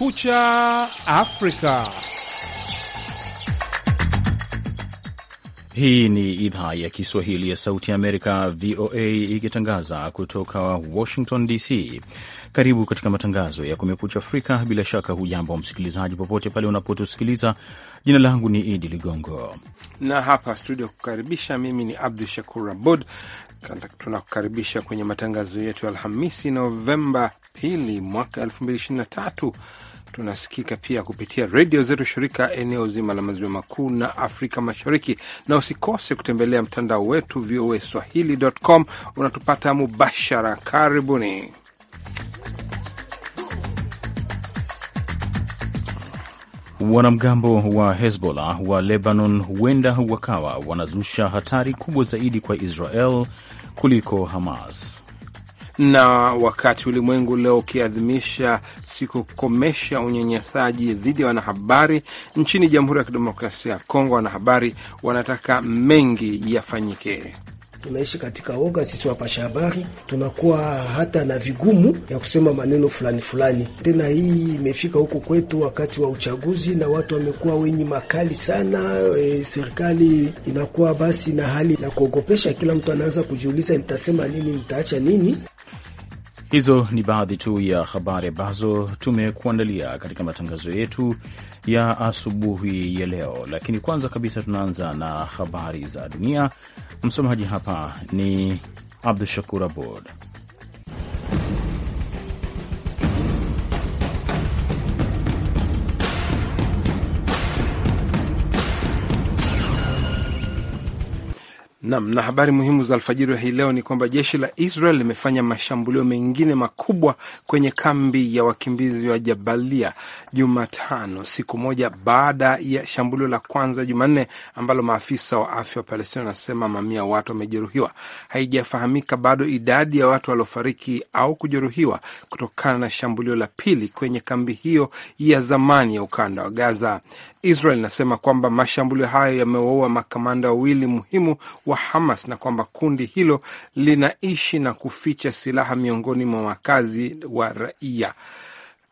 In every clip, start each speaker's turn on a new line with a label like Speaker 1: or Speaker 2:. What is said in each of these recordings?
Speaker 1: Kumekucha Afrika.
Speaker 2: Hii ni idhaa ya Kiswahili ya Sauti ya Amerika, VOA, ikitangaza kutoka Washington DC. Karibu katika matangazo ya Kumekucha Afrika. Bila shaka, hujambo msikilizaji, popote pale unapotusikiliza. Jina langu ni Idi Ligongo
Speaker 1: na hapa studio kukaribisha, mimi ni Abdu Shakur Abud. Tunakukaribisha kwenye matangazo yetu ya Alhamisi, Novemba pili, mwaka tatu. Tunasikika pia kupitia redio zetu shirika eneo zima la maziwa makuu na Afrika Mashariki, na usikose kutembelea mtandao wetu VOA swahili.com. Unatupata mubashara. Karibuni.
Speaker 2: Wanamgambo wa Hezbollah wa Lebanon huenda wakawa wanazusha hatari kubwa zaidi kwa Israel kuliko Hamas.
Speaker 1: Na wakati ulimwengu leo ukiadhimisha siku kukomesha unyanyasaji dhidi ya wanahabari, nchini Jamhuri ya Kidemokrasia ya Kongo wanahabari wanataka mengi yafanyike
Speaker 3: tunaishi katika oga. Sisi wapasha habari tunakuwa hata na vigumu ya kusema maneno fulani fulani. Tena hii imefika huko kwetu wakati wa uchaguzi, na watu wamekuwa wenye makali sana. E, serikali inakuwa basi na hali ya kuogopesha. Kila mtu anaanza kujiuliza, nitasema nini? Nitaacha nini?
Speaker 2: Hizo ni baadhi tu ya habari ambazo tumekuandalia katika matangazo yetu ya asubuhi ya leo, lakini kwanza kabisa tunaanza na habari za dunia Msomaji hapa ni Abdu Shakur Abord.
Speaker 1: Nam na habari muhimu za alfajiri ya hii leo ni kwamba jeshi la Israel limefanya mashambulio mengine makubwa kwenye kambi ya wakimbizi wa Jabalia Jumatano, siku moja baada ya shambulio la kwanza Jumanne ambalo maafisa wa afya wa Palestina wanasema mamia watu wamejeruhiwa. Haijafahamika bado idadi ya watu waliofariki au kujeruhiwa kutokana na shambulio la pili kwenye kambi hiyo ya zamani ya ukanda wa Gaza. Israel inasema kwamba mashambulio hayo yamewaua makamanda wawili muhimu wa Hamas na kwamba kundi hilo linaishi na kuficha silaha miongoni mwa wakazi wa raia.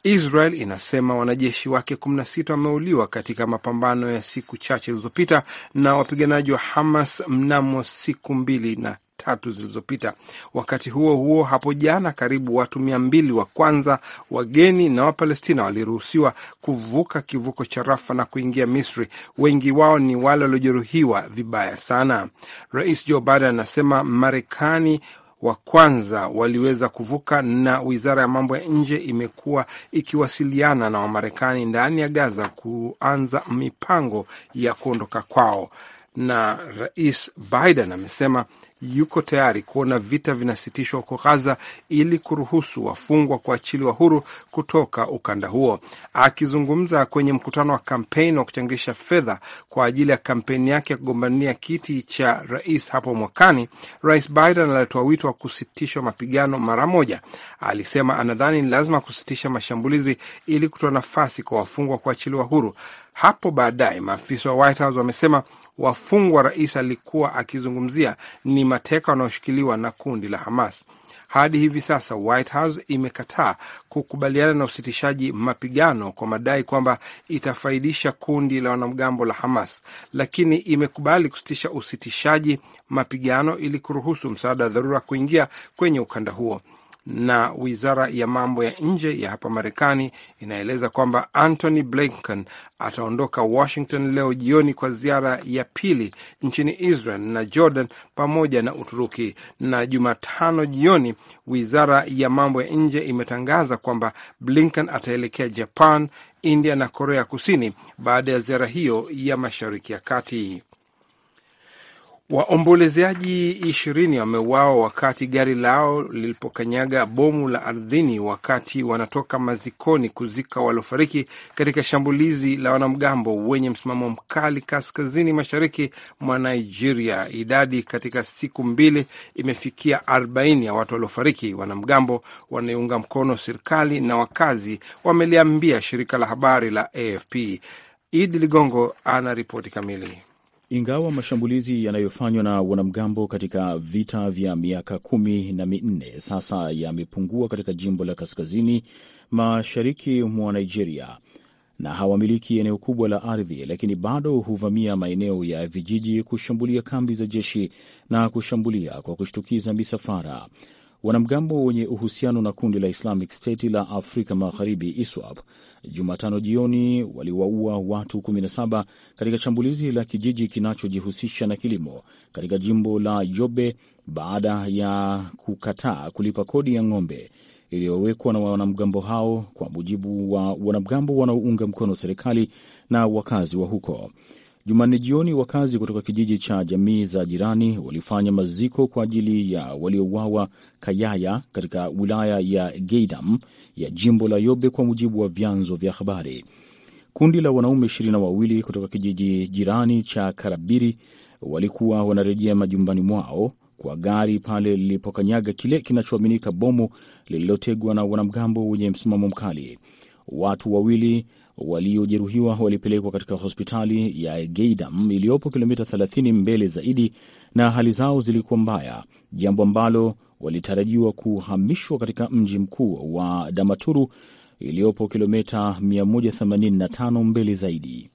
Speaker 1: Israel inasema wanajeshi wake 16 wameuliwa katika mapambano ya siku chache zilizopita na wapiganaji wa Hamas mnamo siku mbili na tatu zilizopita. Wakati huo huo, hapo jana, karibu watu mia mbili wa kwanza wageni na Wapalestina waliruhusiwa kuvuka kivuko cha Rafa na kuingia Misri. Wengi wao ni wale waliojeruhiwa vibaya sana. Rais Joe Biden anasema Marekani wa kwanza waliweza kuvuka na wizara ya mambo ya nje imekuwa ikiwasiliana na Wamarekani ndani ya Gaza kuanza mipango ya kuondoka kwao. Na rais Biden amesema yuko tayari kuona vita vinasitishwa huko Ghaza ili kuruhusu wafungwa kuachiliwa huru kutoka ukanda huo. Akizungumza kwenye mkutano wa kampeni wa kuchangisha fedha kwa ajili ya kampeni yake ya kugombania kiti cha rais hapo mwakani, Rais Biden alitoa wito wa kusitishwa mapigano mara moja. Alisema anadhani ni lazima kusitisha mashambulizi ili kutoa nafasi kwa wafungwa kuachiliwa huru. Hapo baadaye maafisa wa White House wamesema wafungwa rais alikuwa akizungumzia ni mateka wanaoshikiliwa na kundi la Hamas. Hadi hivi sasa White House imekataa kukubaliana na usitishaji mapigano kwa madai kwamba itafaidisha kundi la wanamgambo la Hamas, lakini imekubali kusitisha usitishaji mapigano ili kuruhusu msaada wa dharura kuingia kwenye ukanda huo na wizara ya mambo ya nje ya hapa Marekani inaeleza kwamba Antony Blinken ataondoka Washington leo jioni kwa ziara ya pili nchini Israel na Jordan pamoja na Uturuki. Na Jumatano jioni wizara ya mambo ya nje imetangaza kwamba Blinken ataelekea Japan, India na Korea Kusini baada ya ziara hiyo ya Mashariki ya Kati. Waombolezaji ishirini wameuawa wakati gari lao lilipokanyaga bomu la ardhini wakati wanatoka mazikoni kuzika waliofariki katika shambulizi la wanamgambo wenye msimamo mkali kaskazini mashariki mwa Nigeria. Idadi katika siku mbili imefikia arobaini ya watu waliofariki. Wanamgambo wanaiunga mkono serikali na wakazi wameliambia shirika la habari la AFP. Idi Ligongo ana ripoti kamili.
Speaker 2: Ingawa mashambulizi yanayofanywa na wanamgambo katika vita vya miaka kumi na minne sasa yamepungua katika jimbo la kaskazini mashariki mwa Nigeria na hawamiliki eneo kubwa la ardhi, lakini bado huvamia maeneo ya vijiji, kushambulia kambi za jeshi na kushambulia kwa kushtukiza misafara. Wanamgambo wenye uhusiano na kundi la Islamic State la Afrika Magharibi ISWAP Jumatano jioni waliwaua watu 17 katika shambulizi la kijiji kinachojihusisha na kilimo katika jimbo la Yobe baada ya kukataa kulipa kodi ya ng'ombe iliyowekwa na wanamgambo hao, kwa mujibu wa wanamgambo wanaounga mkono serikali na wakazi wa huko. Jumanne jioni, wakazi kutoka kijiji cha jamii za jirani walifanya maziko kwa ajili ya waliouawa Kayaya katika wilaya ya Geidam ya jimbo la Yobe, kwa mujibu wa vyanzo vya habari. Kundi la wanaume ishirini na wawili kutoka kijiji jirani cha Karabiri walikuwa wanarejea majumbani mwao kwa gari pale lilipokanyaga kile kinachoaminika bomu lililotegwa na wanamgambo wenye msimamo mkali. Watu wawili Waliojeruhiwa walipelekwa katika hospitali ya Geidam iliyopo kilomita 30 mbele zaidi, na hali zao zilikuwa mbaya, jambo ambalo walitarajiwa kuhamishwa katika mji mkuu wa Damaturu iliyopo kilomita 185 mbele zaidi.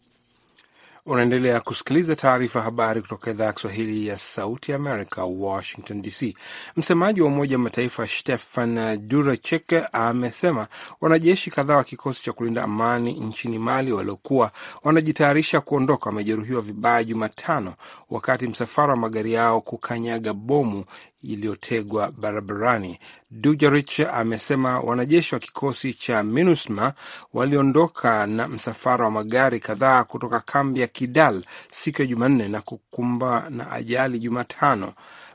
Speaker 1: Unaendelea kusikiliza taarifa habari kutoka idhaa ya Kiswahili ya Sauti America, Amerika, Washington DC. Msemaji wa Umoja wa Mataifa Stefan Durachek amesema wanajeshi kadhaa wa kikosi cha kulinda amani nchini Mali waliokuwa wanajitayarisha kuondoka wamejeruhiwa vibaya Jumatano wakati msafara wa magari yao kukanyaga bomu iliyotegwa barabarani. durich amesema wanajeshi wa kikosi cha MINUSMA waliondoka na msafara wa magari kadhaa kutoka kambi ya Kidal siku ya Jumanne na kukumba na ajali Jumatano.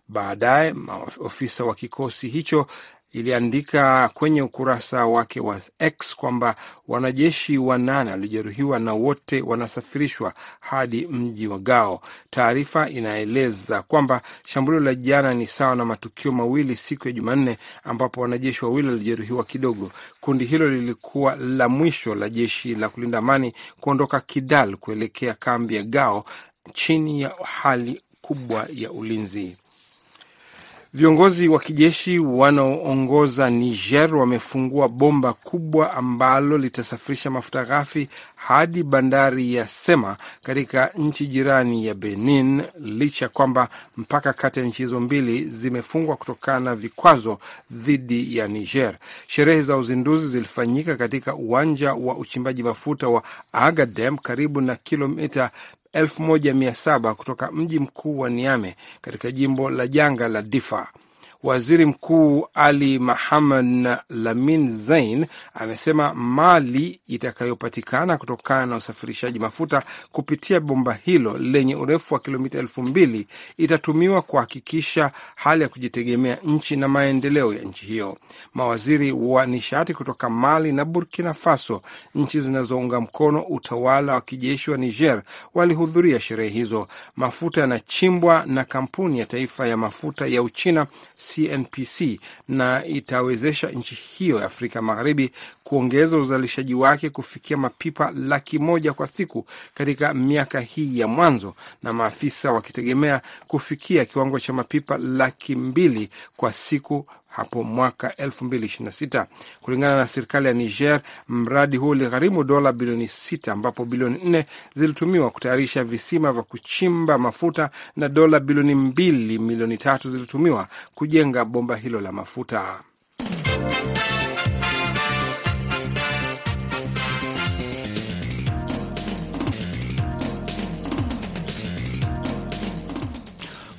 Speaker 1: Baadaye maofisa wa kikosi hicho iliandika kwenye ukurasa wake wa X kwamba wanajeshi wanane waliojeruhiwa na wote wanasafirishwa hadi mji wa Gao. Taarifa inaeleza kwamba shambulio la jana ni sawa na matukio mawili siku ya Jumanne ambapo wanajeshi wawili walijeruhiwa kidogo. Kundi hilo lilikuwa la mwisho la jeshi la kulinda amani kuondoka Kidal kuelekea kambi ya Gao chini ya hali kubwa ya ulinzi. Viongozi wa kijeshi wanaoongoza Niger wamefungua bomba kubwa ambalo litasafirisha mafuta ghafi hadi bandari ya Sema katika nchi jirani ya Benin, licha ya kwamba mpaka kati ya nchi hizo mbili zimefungwa kutokana na vikwazo dhidi ya Niger. Sherehe za uzinduzi zilifanyika katika uwanja wa uchimbaji mafuta wa Agadem karibu na kilomita 1700 kutoka mji mkuu wa Niame katika jimbo la janga la Difa. Waziri Mkuu Ali Mahamad Lamin Zain amesema mali itakayopatikana kutokana na usafirishaji mafuta kupitia bomba hilo lenye urefu wa kilomita elfu mbili itatumiwa kuhakikisha hali ya kujitegemea nchi na maendeleo ya nchi hiyo. Mawaziri wa nishati kutoka Mali na Burkina Faso, nchi zinazounga mkono utawala wa kijeshi wa Niger, walihudhuria sherehe hizo. Mafuta yanachimbwa na kampuni ya taifa ya mafuta ya Uchina CNPC na itawezesha nchi hiyo ya Afrika Magharibi kuongeza uzalishaji wake kufikia mapipa laki moja kwa siku katika miaka hii ya mwanzo, na maafisa wakitegemea kufikia kiwango cha mapipa laki mbili kwa siku hapo mwaka 2026 kulingana na serikali ya Niger. Mradi huo uligharimu dola bilioni 6 ambapo bilioni 4 zilitumiwa kutayarisha visima vya kuchimba mafuta na dola bilioni 2 milioni tatu zilitumiwa kujenga bomba hilo la mafuta.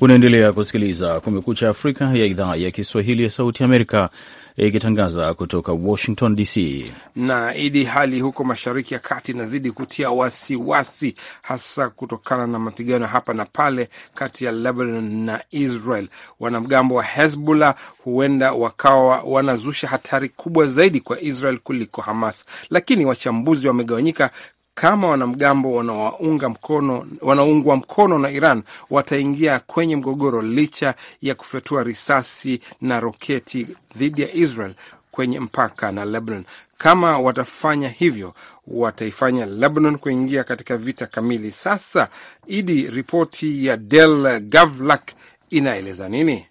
Speaker 2: Unaendelea kusikiliza Kumekucha Afrika ya idhaa ya Kiswahili ya Sauti Amerika ikitangaza kutoka Washington DC.
Speaker 1: Na idi hali huko Mashariki ya Kati inazidi kutia wasiwasi wasi, hasa kutokana na mapigano hapa na pale kati ya Lebanon na Israel. Wanamgambo wa Hezbollah huenda wakawa wanazusha hatari kubwa zaidi kwa Israel kuliko Hamas, lakini wachambuzi wamegawanyika kama wanamgambo wanaounga mkono, wanaoungwa mkono na Iran wataingia kwenye mgogoro licha ya kufyatua risasi na roketi dhidi ya Israel kwenye mpaka na Lebanon. Kama watafanya hivyo, wataifanya Lebanon kuingia katika vita kamili. Sasa Idi, ripoti ya Del Gavlak inaeleza nini?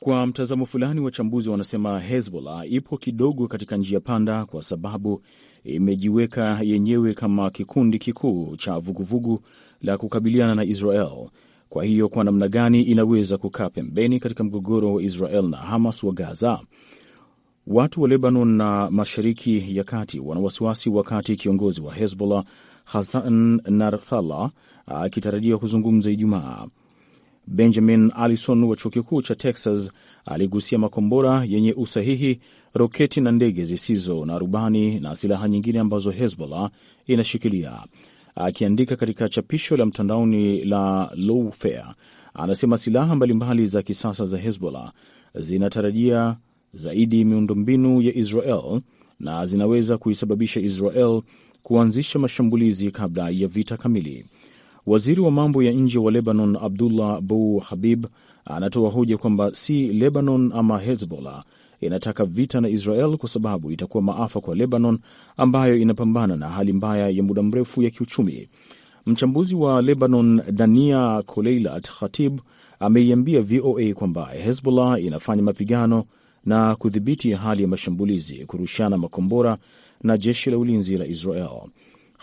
Speaker 2: Kwa mtazamo fulani, wachambuzi wanasema Hezbollah ipo kidogo katika njia panda, kwa sababu imejiweka yenyewe kama kikundi kikuu cha vuguvugu vugu la kukabiliana na Israel. Kwa hiyo kwa namna gani inaweza kukaa pembeni katika mgogoro wa Israel na Hamas wa Gaza? Watu wa Lebanon na Mashariki ya Kati wana wasiwasi wakati kiongozi wa Hezbollah Hassan Nasrallah akitarajiwa kuzungumza Ijumaa. Benjamin Allison wa chuo kikuu cha Texas aligusia makombora yenye usahihi, roketi na ndege zisizo na rubani na silaha nyingine ambazo Hezbollah inashikilia. Akiandika katika chapisho la mtandaoni la Lawfare, anasema silaha mbalimbali za kisasa za Hezbollah zinatarajia zaidi miundombinu ya Israel na zinaweza kuisababisha Israel kuanzisha mashambulizi kabla ya vita kamili. Waziri wa mambo ya nje wa Lebanon Abdullah Bou Habib anatoa hoja kwamba si Lebanon ama Hezbollah inataka vita na Israel kwa sababu itakuwa maafa kwa Lebanon ambayo inapambana na hali mbaya ya muda mrefu ya kiuchumi. Mchambuzi wa Lebanon Dania Koleilat Khatib ameiambia VOA kwamba Hezbollah inafanya mapigano na kudhibiti hali ya mashambulizi, kurushana makombora na jeshi la ulinzi la Israel.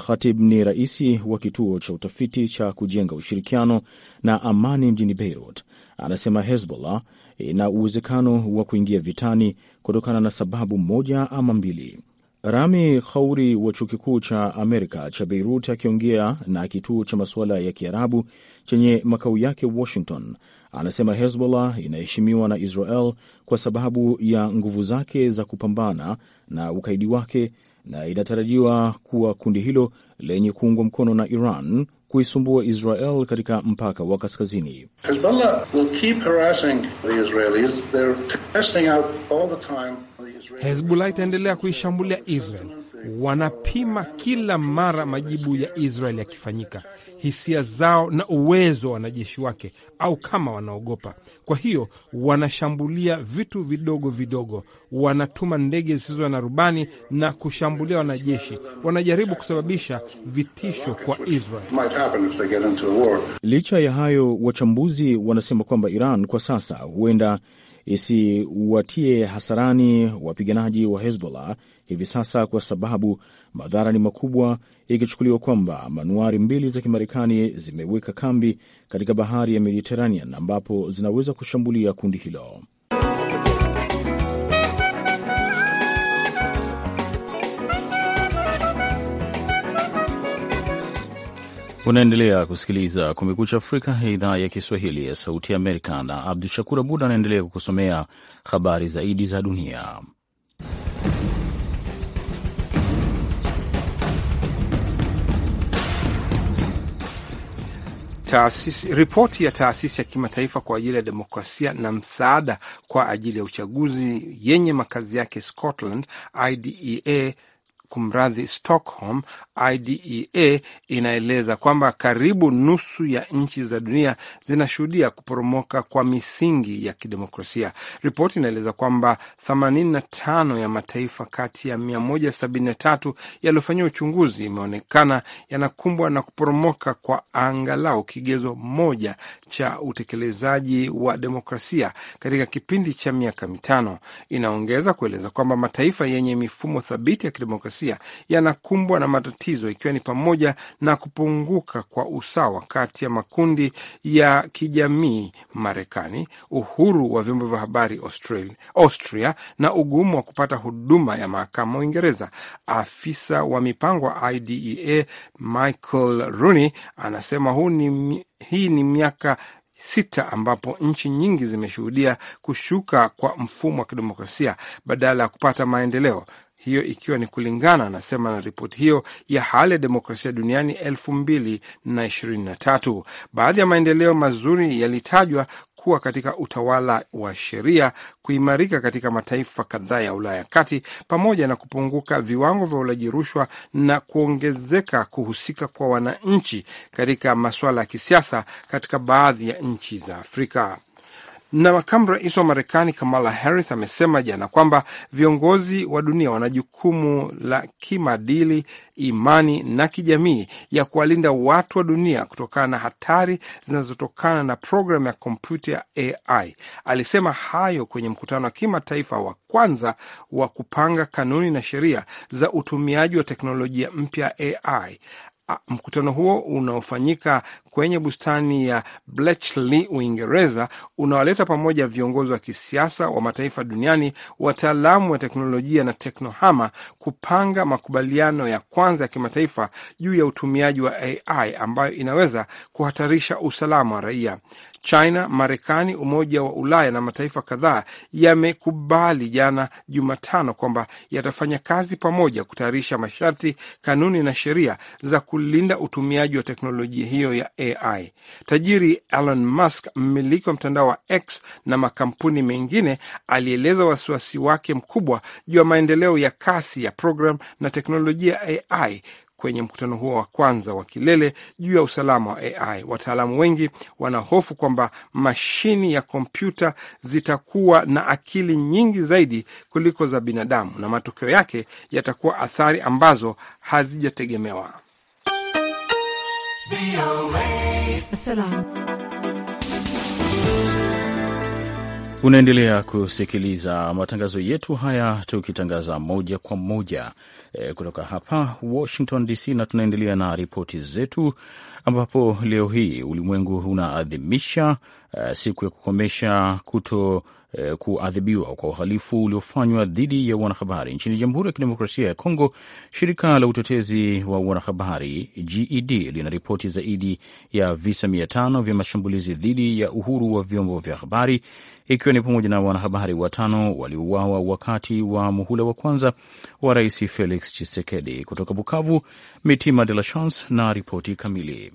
Speaker 2: Khatib ni raisi wa kituo cha utafiti cha kujenga ushirikiano na amani mjini Beirut. Anasema Hezbollah ina uwezekano wa kuingia vitani kutokana na sababu moja ama mbili. Rami Khauri wa chuo kikuu cha Amerika cha Beirut, akiongea na kituo cha masuala ya Kiarabu chenye makao yake Washington, anasema Hezbollah inaheshimiwa na Israel kwa sababu ya nguvu zake za kupambana na ukaidi wake na inatarajiwa kuwa kundi hilo lenye kuungwa mkono na Iran kuisumbua Israel katika mpaka wa kaskazini.
Speaker 1: Hezbollah itaendelea kuishambulia Israel wanapima kila mara majibu ya israel yakifanyika, hisia zao na uwezo wa wanajeshi wake, au kama wanaogopa. Kwa hiyo wanashambulia vitu vidogo vidogo, wanatuma ndege zisizo na rubani na kushambulia wanajeshi, wanajaribu kusababisha vitisho kwa Israel.
Speaker 2: Licha ya hayo, wachambuzi wanasema kwamba Iran kwa sasa huenda isiwatie hasarani wapiganaji wa Hezbollah hivi sasa, kwa sababu madhara ni makubwa, ikichukuliwa kwamba manuari mbili za Kimarekani zimeweka kambi katika bahari ya Mediterranean ambapo zinaweza kushambulia kundi hilo. Unaendelea kusikiliza Kumekucha Afrika ya idhaa ya Kiswahili ya Sauti ya Amerika, na Abdu Shakur Abud anaendelea kukusomea habari zaidi za dunia.
Speaker 1: Ripoti ya taasisi ya kimataifa kwa ajili ya demokrasia na msaada kwa ajili ya uchaguzi yenye makazi yake Scotland, IDEA kumradhi, Stockholm IDEA inaeleza kwamba karibu nusu ya nchi za dunia zinashuhudia kuporomoka kwa misingi ya kidemokrasia. Ripoti inaeleza kwamba 85 ya mataifa kati ya 173 yaliyofanyia uchunguzi imeonekana yanakumbwa na kuporomoka kwa angalau kigezo moja cha utekelezaji wa demokrasia katika kipindi cha miaka mitano. Inaongeza kueleza kwamba mataifa yenye mifumo thabiti ya kidemokrasia jinsia yanakumbwa na matatizo ikiwa ni pamoja na kupunguka kwa usawa kati ya makundi ya kijamii Marekani, uhuru wa vyombo vya habari Australia, Austria na ugumu wa kupata huduma ya mahakama Uingereza. Afisa wa mipango wa IDEA Michael Rooney anasema huu ni, hii ni miaka sita ambapo nchi nyingi zimeshuhudia kushuka kwa mfumo wa kidemokrasia badala ya kupata maendeleo hiyo ikiwa ni kulingana, anasema, na ripoti hiyo ya hali ya demokrasia duniani elfu mbili na ishirini na tatu. Baadhi ya maendeleo mazuri yalitajwa kuwa katika utawala wa sheria, kuimarika katika mataifa kadhaa ya Ulaya kati, pamoja na kupunguka viwango vya ulaji rushwa na kuongezeka kuhusika kwa wananchi katika masuala ya kisiasa katika baadhi ya nchi za Afrika. Na makamu rais wa Marekani Kamala Harris amesema jana kwamba viongozi wa dunia wana jukumu la kimaadili, imani na kijamii ya kuwalinda watu wa dunia kutokana na hatari zinazotokana na programu ya kompyuta ya AI. Alisema hayo kwenye mkutano wa kimataifa wa kwanza wa kupanga kanuni na sheria za utumiaji wa teknolojia mpya AI. Ah, mkutano huo unaofanyika kwenye bustani ya Bletchley, Uingereza, unawaleta pamoja viongozi wa kisiasa wa mataifa duniani, wataalamu wa teknolojia na teknohama kupanga makubaliano ya kwanza ya kimataifa juu ya utumiaji wa AI ambayo inaweza kuhatarisha usalama wa raia. China, Marekani, Umoja wa Ulaya na mataifa kadhaa yamekubali jana Jumatano kwamba yatafanya kazi pamoja kutayarisha masharti, kanuni na sheria za kulinda utumiaji wa teknolojia hiyo ya AI. Tajiri Elon Musk, mmiliki wa mtandao wa X na makampuni mengine, alieleza wasiwasi wake mkubwa juu ya maendeleo ya kasi ya programu na teknolojia AI kwenye mkutano huo wa kwanza wa kilele juu ya usalama wa AI. Wataalamu wengi wanahofu kwamba mashini ya kompyuta zitakuwa na akili nyingi zaidi kuliko za binadamu na matokeo yake yatakuwa athari ambazo hazijategemewa.
Speaker 2: Unaendelea kusikiliza matangazo yetu haya tukitangaza moja kwa moja e, kutoka hapa Washington DC, na tunaendelea na ripoti zetu, ambapo leo hii ulimwengu unaadhimisha eh, siku ya kukomesha kuto Eh, kuadhibiwa kwa uhalifu uliofanywa dhidi ya wanahabari nchini Jamhuri ya Kidemokrasia ya Kongo. Shirika la utetezi wa wanahabari GED lina ripoti zaidi ya visa mia tano vya mashambulizi dhidi ya uhuru wa vyombo vya habari ikiwa ni pamoja na wanahabari watano waliouawa wakati wa muhula wa kwanza wa Rais Felix Tshisekedi. Kutoka Bukavu, Mitima de la Chance na ripoti kamili.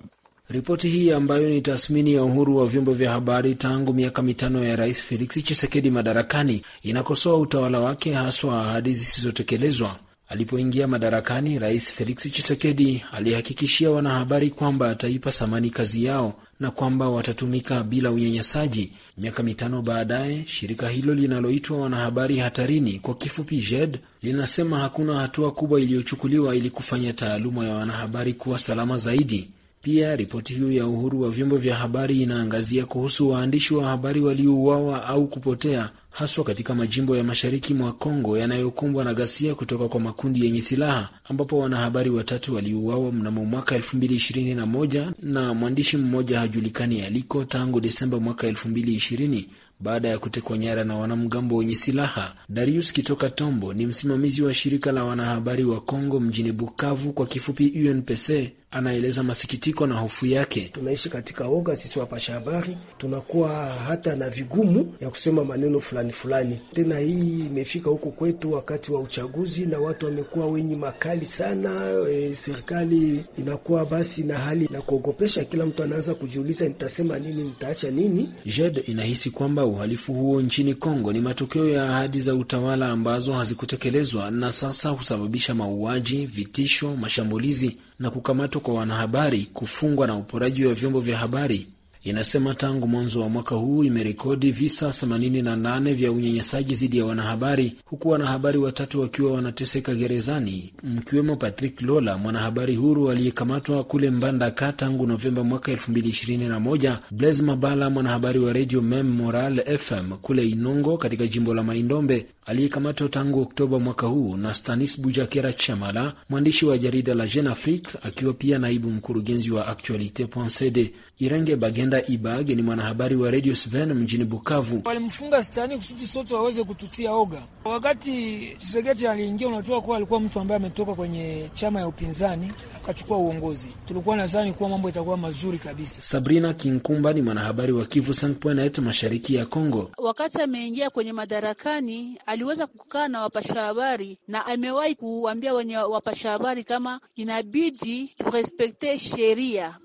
Speaker 3: Ripoti hii ambayo ni tathmini ya uhuru wa vyombo vya habari tangu miaka mitano ya Rais Felix Tshisekedi madarakani inakosoa utawala wake, haswa ahadi zisizotekelezwa. Alipoingia madarakani, Rais Felix Tshisekedi alihakikishia wanahabari kwamba ataipa thamani kazi yao na kwamba watatumika bila unyanyasaji. Miaka mitano baadaye, shirika hilo linaloitwa Wanahabari Hatarini, kwa kifupi JED, linasema hakuna hatua kubwa iliyochukuliwa ili kufanya taaluma ya wanahabari kuwa salama zaidi. Pia ripoti hiyo ya uhuru wa vyombo vya habari inaangazia kuhusu waandishi wa habari waliouawa au kupotea haswa katika majimbo ya mashariki mwa Kongo yanayokumbwa na ghasia kutoka kwa makundi yenye silaha ambapo wanahabari watatu waliuawa mnamo mwaka 2021 na mwandishi mmoja hajulikani aliko tangu Desemba mwaka 2020 baada ya kutekwa nyara na wanamgambo wenye silaha. Darius Kitoka Tombo ni msimamizi wa shirika la wanahabari wa Kongo mjini Bukavu, kwa kifupi UNPC anaeleza masikitiko na hofu yake. Tunaishi katika oga, sisi wapasha habari tunakuwa hata na vigumu ya kusema maneno fulani fulani. Tena hii imefika huku kwetu wakati wa uchaguzi, na watu wamekuwa wenye makali sana. E, serikali inakuwa basi na hali na kuogopesha, kila mtu anaanza kujiuliza nitasema nini, nitaacha nini. JED inahisi kwamba uhalifu huo nchini Kongo ni matokeo ya ahadi za utawala ambazo hazikutekelezwa na sasa husababisha mauaji, vitisho, mashambulizi na kukamatwa kwa wanahabari, kufungwa na uporaji wa vyombo vya habari inasema tangu mwanzo wa mwaka huu imerekodi visa 88 vya unyanyasaji dhidi ya wanahabari, huku wanahabari watatu wakiwa wanateseka gerezani, mkiwemo Patrick Lola, mwanahabari huru aliyekamatwa kule Mbandaka tangu Novemba mwaka 2021, Blaise Mabala, mwanahabari wa redio Mem Moral FM kule Inongo katika jimbo la Maindombe aliyekamatwa tangu Oktoba mwaka huu, na Stanis Bujakera Chamala, mwandishi wa jarida la Jeune Afrique akiwa pia naibu mkurugenzi wa Actualite CD Irenge Bagen Alexander Ibage ni mwanahabari wa Radio Sven mjini Bukavu. Walimfunga stani kusudi sote waweze kututia oga. Wakati Chisegeti aliingia, unatoka kuwa alikuwa mtu ambaye ametoka kwenye chama ya upinzani akachukua uongozi, tulikuwa nazani kuwa mambo itakuwa mazuri kabisa. Sabrina Kinkumba ni mwanahabari wa Kivu Sanpoenaetu, mashariki ya congo
Speaker 4: Wakati ameingia kwenye madarakani, aliweza kukaa na wapasha habari na amewahi kuambia wenye wapasha habari kama inabidi turespekte sheria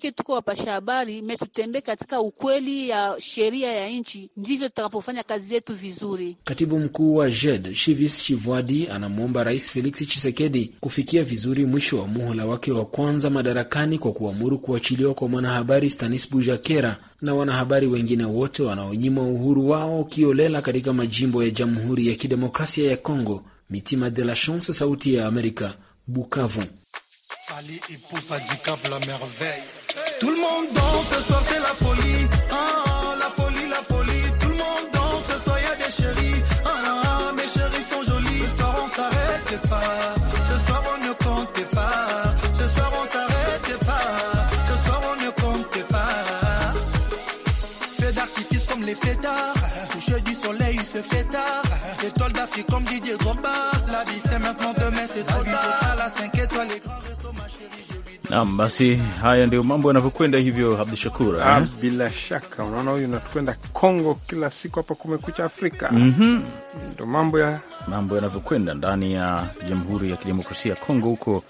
Speaker 4: ke tuko wapasha habari metu kutembea katika ukweli ya sheria ya nchi, ndivyo tutakapofanya kazi yetu vizuri.
Speaker 3: Katibu mkuu wa JED Shivis Chivwadi anamwomba Rais Felix chisekedi kufikia vizuri mwisho wa muhula wake wa kwanza madarakani kwa kuamuru kuachiliwa kwa mwanahabari Stanis Bujakera na wanahabari wengine wote wanaonyimwa uhuru wao kiolela katika majimbo ya Jamhuri ya Kidemokrasia ya Kongo. Mitima de la Chance, Sauti ya Amerika, Bukavu. Ali Tout le monde danse, ce soir c'est la folie. Ah, la folie, la folie. Tout le monde danse, ce soir y a des chéris. Ah, ah, ah, mes chéris sont jolis. Ce soir on s'arrête pas. Ce soir on ne compte pas. Ce soir on s'arrête pas. Ce soir on ne compte pas. Fait d'artifice comme les fêtards. touché du soleil, il se fait tard. Étoile d'Afrique comme Didier Drogba.
Speaker 2: Naam, basi haya ndio mambo yanavyokwenda hivyo, Abdu Shakur. eh? Ah,
Speaker 1: bila shaka unaona, huyu natukwenda Kongo kila siku hapa Kumekucha Afrika. mm -hmm. Ndo mambo ya
Speaker 2: mambo yanavyokwenda ndani ya Jamhuri ya Kidemokrasia ya Kongo huko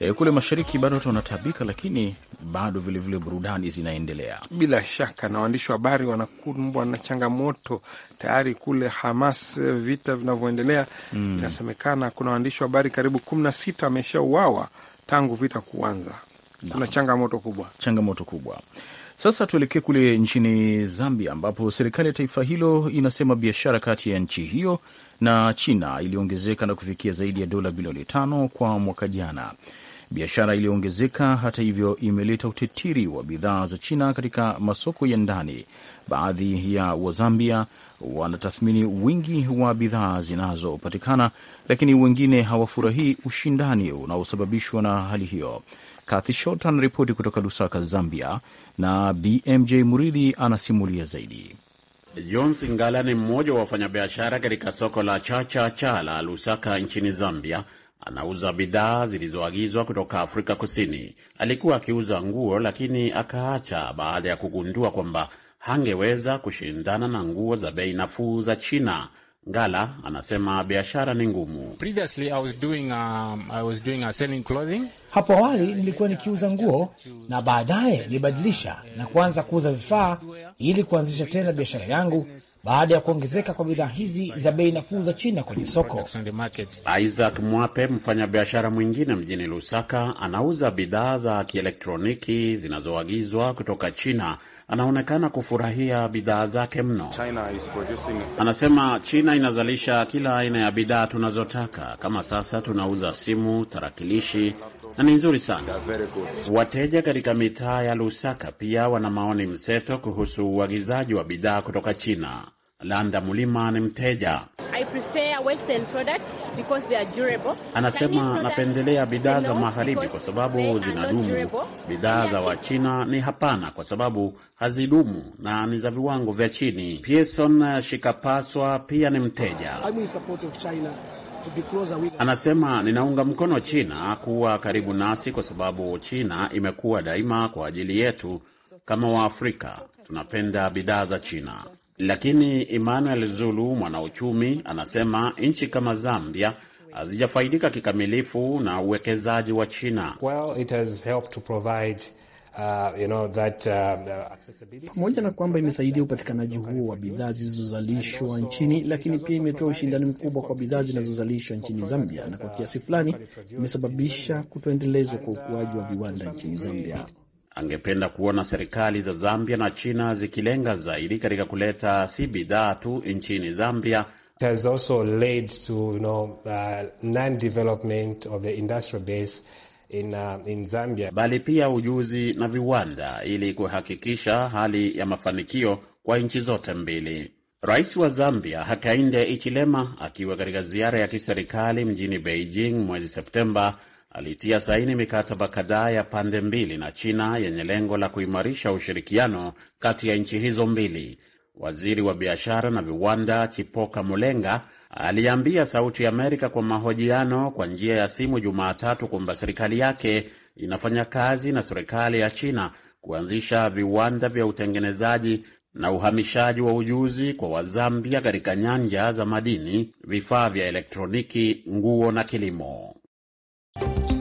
Speaker 2: E, kule mashariki bado watu wanataabika, lakini bado vilevile burudani zinaendelea
Speaker 1: bila shaka, na waandishi wa habari wanakumbwa na changamoto tayari kule Hamas, vita vinavyoendelea mm. Inasemekana kuna waandishi wa habari karibu kumi na sita wameshauawa tangu vita kuanza kuna changamoto kubwa,
Speaker 2: changamoto kubwa. Sasa tuelekee kule nchini Zambia ambapo serikali ya taifa hilo inasema biashara kati ya nchi hiyo na China iliongezeka na kufikia zaidi ya dola bilioni tano kwa mwaka jana. Biashara iliyoongezeka hata hivyo, imeleta utetiri wa bidhaa za China katika masoko ya ndani. Baadhi ya Wazambia wanatathmini wingi wa bidhaa zinazopatikana, lakini wengine hawafurahii ushindani unaosababishwa na hali hiyo. Kathy Shot anaripoti kutoka Lusaka, Zambia, na BMJ Muridhi anasimulia zaidi.
Speaker 5: John Singala ni mmoja wa wafanyabiashara katika soko la Chacha Cha la Lusaka nchini Zambia. Anauza bidhaa zilizoagizwa kutoka Afrika Kusini. Alikuwa akiuza nguo, lakini akaacha baada ya kugundua kwamba hangeweza kushindana na nguo za bei nafuu za China. Ngala anasema biashara ni ngumu. Um,
Speaker 2: uh, Hapo awali nilikuwa nikiuza nguo na baadaye nilibadilisha na kuanza kuuza vifaa ili kuanzisha tena biashara yangu baada ya kuongezeka kwa bidhaa hizi za bei nafuu za China kwenye soko.
Speaker 5: Isaac Mwape, mfanyabiashara mwingine mjini Lusaka, anauza bidhaa za kielektroniki zinazoagizwa kutoka China anaonekana kufurahia bidhaa zake mno. Anasema China inazalisha kila aina ya bidhaa tunazotaka. Kama sasa tunauza simu, tarakilishi na ni nzuri sana. Wateja katika mitaa ya Lusaka pia wana maoni mseto kuhusu uagizaji wa bidhaa kutoka China. Landa Mulima ni mteja.
Speaker 4: I prefer western products because they are durable.
Speaker 5: Anasema napendelea bidhaa za magharibi kwa sababu zinadumu. Bidhaa za Wachina ni hapana kwa sababu hazidumu na ni za viwango vya chini. Pearson Shikapaswa pia ni mteja. Anasema ninaunga mkono China kuwa karibu nasi kwa sababu China imekuwa daima kwa ajili yetu. Kama Waafrika tunapenda bidhaa za China. Lakini Emmanuel Zulu, mwanauchumi, anasema nchi kama Zambia hazijafaidika kikamilifu na uwekezaji wa China.
Speaker 1: Well, it has helped to provide Uh,
Speaker 5: you know, that, uh, accessibility...
Speaker 3: pamoja na kwamba imesaidia upatikanaji huo wa bidhaa zilizozalishwa nchini, lakini pia imetoa ushindani mkubwa kwa bidhaa zinazozalishwa nchini Zambia, na kwa kiasi fulani imesababisha kutoendelezwa kwa ukuaji wa viwanda nchini Zambia
Speaker 5: angependa kuona serikali za Zambia na China zikilenga zaidi katika kuleta si bidhaa tu nchini Zambia
Speaker 1: has also led to you know, uh, non-development of the industrial base in, uh, in Zambia, bali pia ujuzi na viwanda
Speaker 5: ili kuhakikisha hali ya mafanikio kwa nchi zote mbili. Rais wa Zambia Hakainde ichilema akiwa katika ziara ya kiserikali mjini Beijing mwezi Septemba alitia saini mikataba kadhaa ya pande mbili na China yenye lengo la kuimarisha ushirikiano kati ya nchi hizo mbili. Waziri wa biashara na viwanda Chipoka Mulenga aliambia Sauti ya Amerika kwa mahojiano kwa njia ya simu Jumatatu kwamba serikali yake inafanya kazi na serikali ya China kuanzisha viwanda vya utengenezaji na uhamishaji wa ujuzi kwa Wazambia katika nyanja za madini, vifaa vya elektroniki, nguo na kilimo. Bye.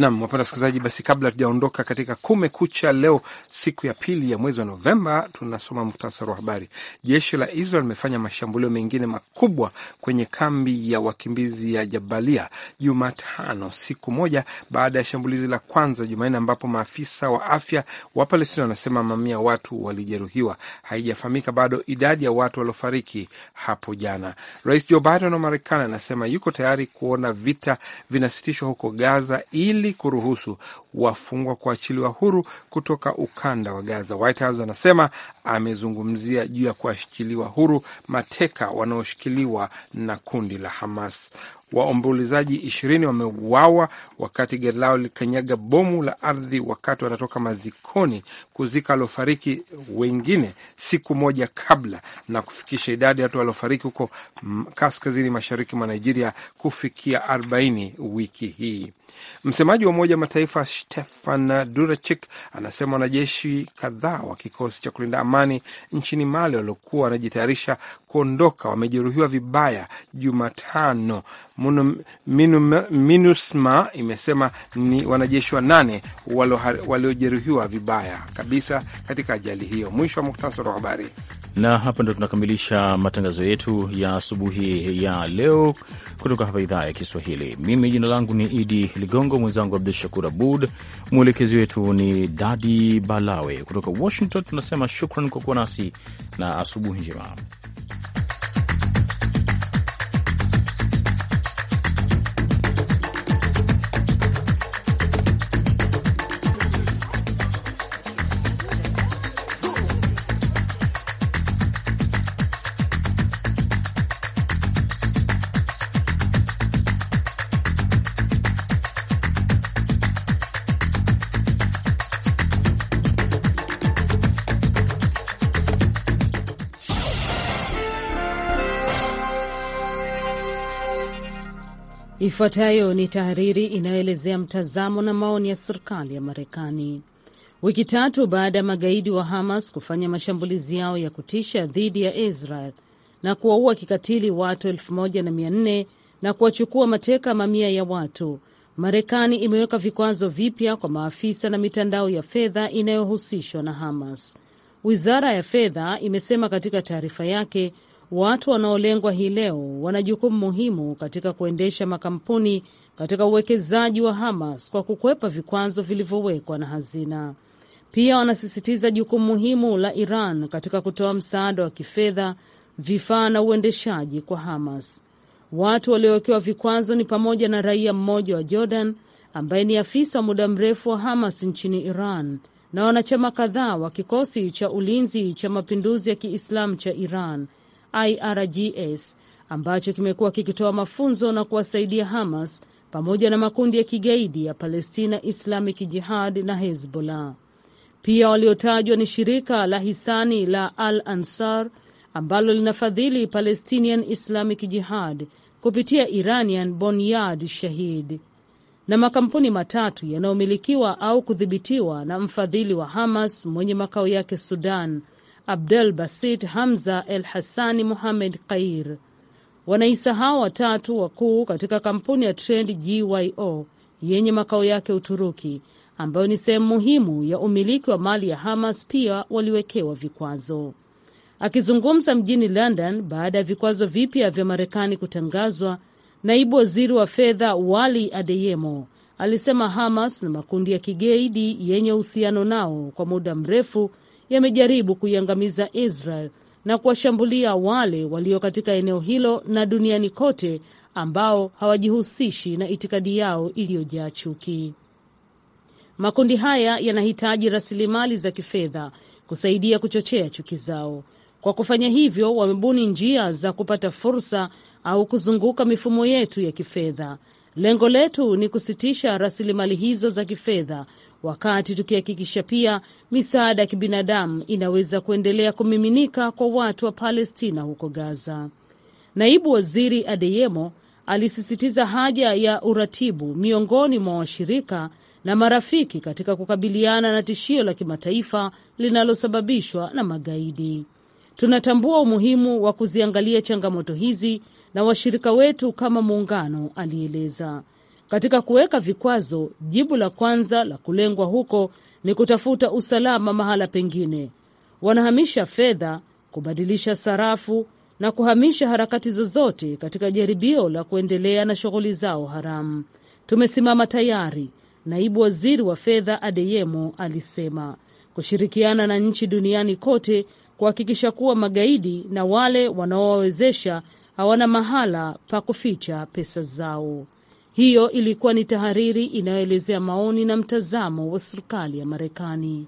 Speaker 1: Nam, wapenda wasikilizaji, basi kabla tujaondoka katika Kumekucha leo, siku ya pili ya mwezi wa Novemba, tunasoma muhtasari wa habari. Jeshi la Israel limefanya mashambulio mengine makubwa kwenye kambi ya wakimbizi ya Jabalia Jumatano, siku moja baada ya shambulizi la kwanza Jumanne, ambapo maafisa wa afya wa Palestina wanasema mamia watu walijeruhiwa. Haijafahamika bado idadi ya watu waliofariki hapo jana. Rais Joe Biden wa Marekani anasema yuko tayari kuona vita vinasitishwa huko Gaza ili kuruhusu wafungwa kuachiliwa huru kutoka ukanda wa Gaza. White House anasema amezungumzia juu ya kuachiliwa huru mateka wanaoshikiliwa na kundi la Hamas. Waombolezaji ishirini wameuawa wakati gari lao bomu la ardhi wakati wanatoka mazikoni kuzika waliofariki wengine siku moja kabla, na kufikisha idadi ya watu waliofariki huko kaskazini mashariki mwa Nigeria kufikia arobaini wiki hii. Msemaji wa Umoja Mataifa Stefan Durachik anasema wanajeshi kadhaa wa kikosi cha kulinda amani nchini Mali waliokuwa wanajitayarisha kuondoka wamejeruhiwa vibaya Jumatano. MINUSMA imesema ni wanajeshi wanane waliojeruhiwa vibaya kabisa katika ajali hiyo. Mwisho wa muktasari wa habari,
Speaker 2: na hapa ndo tunakamilisha matangazo yetu ya asubuhi ya leo kutoka hapa idhaa ya Kiswahili. Mimi jina langu ni Idi Ligongo, mwenzangu Abdu Shakur Abud Mwelekezi wetu ni Dadi Balawe kutoka Washington. Tunasema shukran kwa kuwa nasi na asubuhi njema.
Speaker 4: Ifuatayo ni tahariri inayoelezea mtazamo na maoni ya serikali ya Marekani. Wiki tatu baada ya magaidi wa Hamas kufanya mashambulizi yao ya kutisha dhidi ya Israel na kuwaua kikatili watu 14 na kuwachukua mateka mamia ya watu, Marekani imeweka vikwazo vipya kwa maafisa na mitandao ya fedha inayohusishwa na Hamas. Wizara ya fedha imesema katika taarifa yake Watu wanaolengwa hii leo wana jukumu muhimu katika kuendesha makampuni katika uwekezaji wa Hamas kwa kukwepa vikwazo vilivyowekwa na hazina. Pia wanasisitiza jukumu muhimu la Iran katika kutoa msaada wa kifedha, vifaa na uendeshaji kwa Hamas. Watu waliowekewa vikwazo ni pamoja na raia mmoja wa Jordan ambaye ni afisa wa muda mrefu wa Hamas nchini Iran na wanachama kadhaa wa kikosi cha ulinzi cha mapinduzi ya Kiislamu cha Iran IRGS ambacho kimekuwa kikitoa mafunzo na kuwasaidia Hamas pamoja na makundi ya kigaidi ya Palestina Islamic Jihad na Hezbollah. Pia waliotajwa ni shirika la hisani la Al Ansar ambalo linafadhili Palestinian Islamic Jihad kupitia Iranian Bonyad Shahid na makampuni matatu yanayomilikiwa au kudhibitiwa na mfadhili wa Hamas mwenye makao yake Sudan Abdel Basit Hamza El Hassani Mohamed kair Wanaisa hao watatu wakuu katika kampuni ya Trend GYO yenye makao yake Uturuki, ambayo ni sehemu muhimu ya umiliki wa mali ya Hamas, pia waliwekewa vikwazo. Akizungumza mjini London baada ya vikwazo vipya vya Marekani kutangazwa, naibu waziri wa fedha Wali Adeyemo alisema Hamas na makundi ya kigaidi yenye uhusiano nao kwa muda mrefu yamejaribu kuiangamiza Israel na kuwashambulia wale walio katika eneo hilo na duniani kote ambao hawajihusishi na itikadi yao iliyojaa chuki. Makundi haya yanahitaji rasilimali za kifedha kusaidia kuchochea chuki zao. Kwa kufanya hivyo, wamebuni njia za kupata fursa au kuzunguka mifumo yetu ya kifedha. Lengo letu ni kusitisha rasilimali hizo za kifedha wakati tukihakikisha pia misaada ya kibinadamu inaweza kuendelea kumiminika kwa watu wa Palestina huko Gaza. Naibu Waziri Adeyemo alisisitiza haja ya uratibu miongoni mwa washirika na marafiki katika kukabiliana na tishio la kimataifa linalosababishwa na magaidi. Tunatambua umuhimu wa kuziangalia changamoto hizi na washirika wetu kama muungano, alieleza. Katika kuweka vikwazo, jibu la kwanza la kulengwa huko ni kutafuta usalama mahala pengine. Wanahamisha fedha, kubadilisha sarafu na kuhamisha harakati zozote katika jaribio la kuendelea na shughuli zao haramu. Tumesimama tayari, naibu waziri wa fedha Adeyemo alisema, kushirikiana na nchi duniani kote kuhakikisha kuwa magaidi na wale wanaowawezesha hawana mahala pa kuficha pesa zao. Hiyo ilikuwa ni tahariri inayoelezea maoni na mtazamo wa serikali ya Marekani.